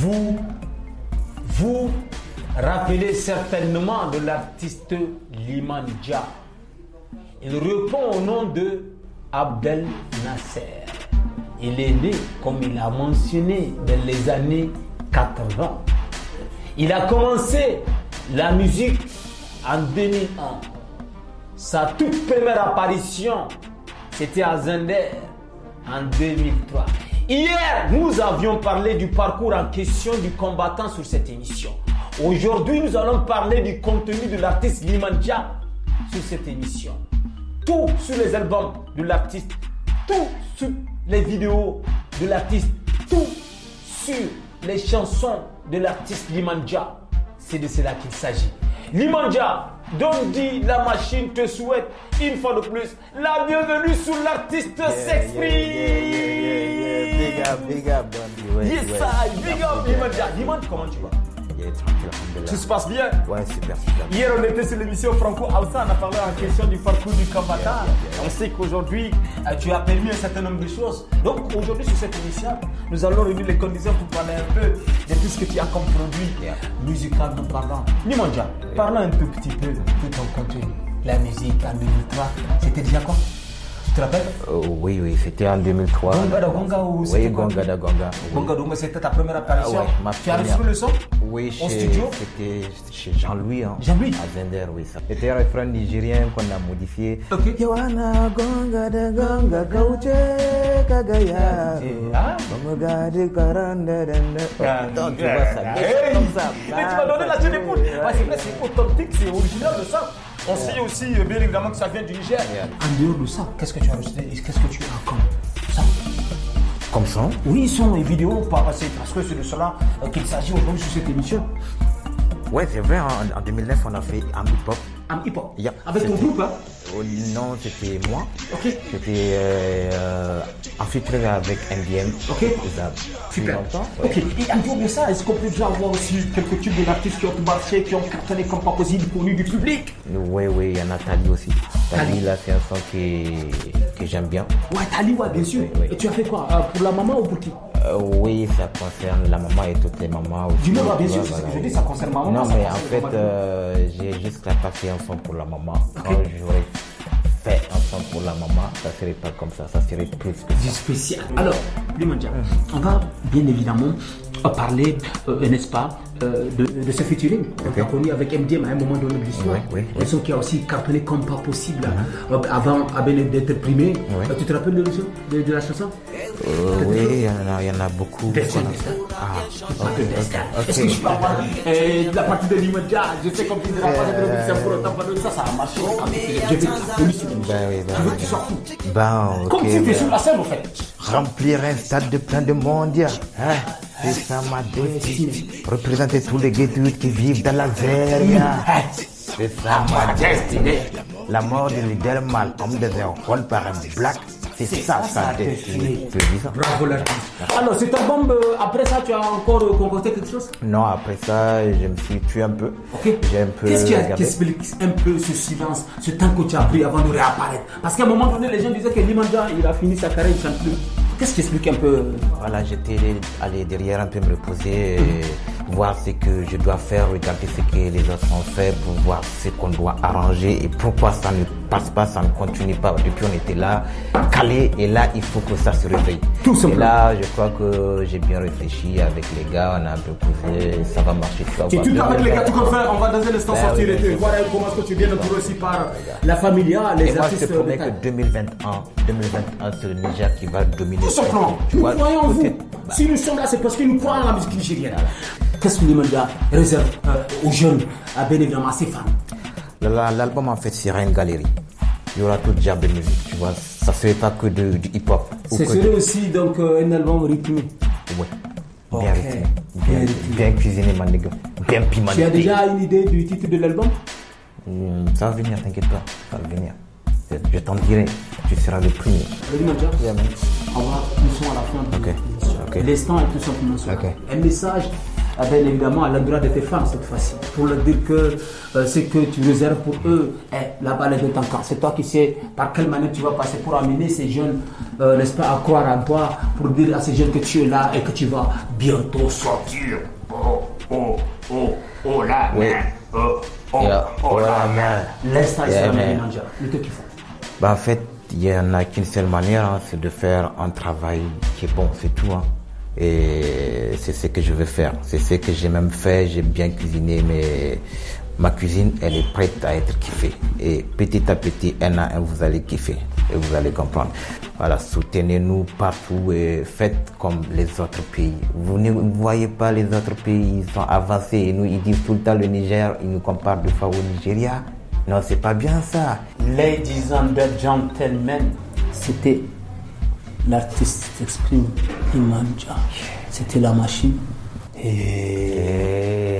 vous vous rappelez certainement de l'artiste Liman Dja. Il répond au nom de Abdel Nasser. Il est né, comme il a mentionné, dans les années 80. Il a commencé la musique en 2001. Sa toute première apparition, c'était à Zender en 2003. Hier, nous avions parlé du parcours en question du combattant sur cette émission. Aujourd'hui, nous allons parler du contenu de l'artiste limanja sur cette émission. Tout sur les albums de l'artiste, tout sur les vidéos de l'artiste, tout sur les chansons de l'artiste Limanja. C'est de cela qu'il s'agit. Limanja, dit la machine te souhaite une fois de plus la bienvenue sur l'artiste s'exprime big up, big up, yes, ça, big Il comment tu vas tout se passe bien Ouais, super, super. Hier, on était sur l'émission Franco Aoussa, on a parlé en question du parcours du Kabata. On sait qu'aujourd'hui, euh, tu as permis un certain nombre de choses. Donc, aujourd'hui, sur cette émission, nous allons réunir les conditions pour parler un peu de tout ce que tu as comme produit musical parlant. Nimanja, parlons un tout petit peu de ton contenu. La musique en 2003, c'était déjà quoi tu te rappelles euh, Oui, oui, c'était en 2003. Gonga de Gonga ou Oui, Gonga de Gonga. Oui. Gonga de c'était ta première apparition ah, ouais, Tu as reçu le son Oui, C'était chez Jean-Louis. Hein, Jean-Louis À Zender, oui. C'était un refrain nigérien qu'on a modifié. Ok. Yohana Gonga de Gonga, Kauche Kagaya. Ah. Gonga de Karanda Dende. Ah. Attends, tu vois ça. Hey ça. Mais tu m'as donné la chaîne d'écoute. C'est vrai, c'est authentique, c'est original de ça. On sait aussi, euh, bien évidemment, que ça vient du Niger. En dehors de ça, qu'est-ce que tu as reçu Qu'est-ce que tu as comme ça Comme ça Oui, sont les vidéos, parce que c'est de cela euh, qu'il s'agit aujourd'hui de cette émission. Ouais, c'est vrai, hein. en, 2009, on a fait un hip hip-hop. Avec ton groupe hein? oh, Non, c'était moi. Ok. C'était euh, infiltré avec NBM. Ok. Super. Ok. Et en dehors de ça, est-ce qu'on peut déjà avoir aussi quelques tubes d'artistes qui ont marché, qui ont cartonné comme pas possible, nous, du public Oui, oui, il y en a Tali aussi. Tali, là, c'est un son que j'aime bien. Ouais, Tali, ouais, bien sûr. Et tu as fait quoi euh, Pour la maman ou pour qui euh, oui, ça concerne la maman et toutes les mamans. Aussi. Du même, bien sûr, c'est que je dis, ça concerne maman. Non, mais en fait, euh, j'ai juste la ensemble pour la maman. Quand j'aurais fait ensemble pour la maman, ça serait pas comme ça, ça serait plus spécial. Du spécial. Alors, Limandia, on va bien évidemment euh, parler, n'est-ce pas, de, ce featuring qu'on a connu avec MDM à un moment donné de l'histoire. Oui, oui, qui a aussi cartonné comme pas possible uh-huh. avant, d'être primé. tu te rappelles de, de, de la chanson euh, oui, il y, en a beaucoup. Ah, ok, ok. Est-ce que je peux avoir la partie de l'immédiat Je sais qu'on finira par être de l'immédiat pour autant ça, ça a marché. Oh, je vais la police. Ben oui, ben oui. Ben, ok. Comme si tu étais sur la scène, en fait. Remplir un stade de plein de monde, hein c'est ça ma destinée. Représenter tous les guettus qui vivent dans la verria. Hein? C'est ça ma destinée. La mort de leader mal, homme de zéro, rôle par un black c'est ça, ça, Bravo l'artiste. Alors, cette euh, bombe. après ça, tu as encore euh, concocté quelque chose Non, après ça, je me suis tué un peu. Ok. J'ai un peu. Qu'est-ce qui explique un peu ce silence, ce temps que tu as pris avant de réapparaître Parce qu'à un moment donné, les gens disaient que Limanja, il a fini sa carrière, il s'en chante plus. Qu'est-ce qui explique un peu Voilà, j'étais allé derrière un peu me reposer, mhm. voir ce que je dois faire, regarder ce que les autres ont fait pour voir ce qu'on doit arranger et pourquoi ça ne passe pas, ça ne continue pas. Depuis, on était là, calé, et là, il faut que ça se réveille. Tout simplement. Et là, je crois que j'ai bien réfléchi avec les gars, on a un peu ça va marcher. Tu, si tu avec les gars, tu comprends, on va dans un instant ben sortir et voir comment est-ce que tu viens de aussi par la familia, hein, les et artistes. je te promets que 2021, 2021, c'est le Niger qui va dominer. Tout simplement. Nous croyons vous. Bah. Si nous sommes là, c'est parce que nous croyons en la musique nigérienne. Qu'est-ce que Nimanda réserve euh, aux jeunes, ah, à bien à ses femmes L'album, en fait, sera une galerie. Il y aura tout diable de musique, tu vois. Ça ne serait pas que du hip-hop. Ce serait aussi donc euh, un album rythmé. Oui. Bien rythmé. Bien, bien, cuisiné, Bien pimenté. Tu as déjà une idée du titre de l'album hmm, Ça va venir, t'inquiète pas. Ça va venir. Je, t'en dirai. Tu seras le premier. Le manager yeah, On va, nous sommes à la fin. Ok. L'instant est tout simplement sur Un message Bien évidemment à l'endroit de tes fans cette fois-ci, pour leur dire que euh, ce que tu réserves pour eux, eh, la balle est de ton camp. C'est toi qui sais par quelle manière tu vas passer pour amener ces jeunes, euh, n'est-ce pas, à croire en toi, pour dire à ces jeunes que tu es là et que tu vas bientôt sortir. Oh, oh, oh, oh, la oui. main. Oh, oh, yeah. oh, oh, la main. L'instant, yeah, sur mais... Le que qu'ils font? Bah, en fait, il n'y en a qu'une seule manière, hein, c'est de faire un travail qui est bon, c'est tout. Hein. Et c'est ce que je veux faire. C'est ce que j'ai même fait. J'ai bien cuisiné, mais ma cuisine, elle est prête à être kiffée. Et petit à petit, un à un, vous allez kiffer et vous allez comprendre. Voilà, soutenez-nous partout et faites comme les autres pays. Vous ne voyez pas les autres pays, ils sont avancés et nous, ils disent tout le temps le Niger, ils nous comparent de fois au Nigeria. Non, c'est pas bien ça. Ladies and gentlemen, c'était l'artiste s'exprime. C'était la machine. Et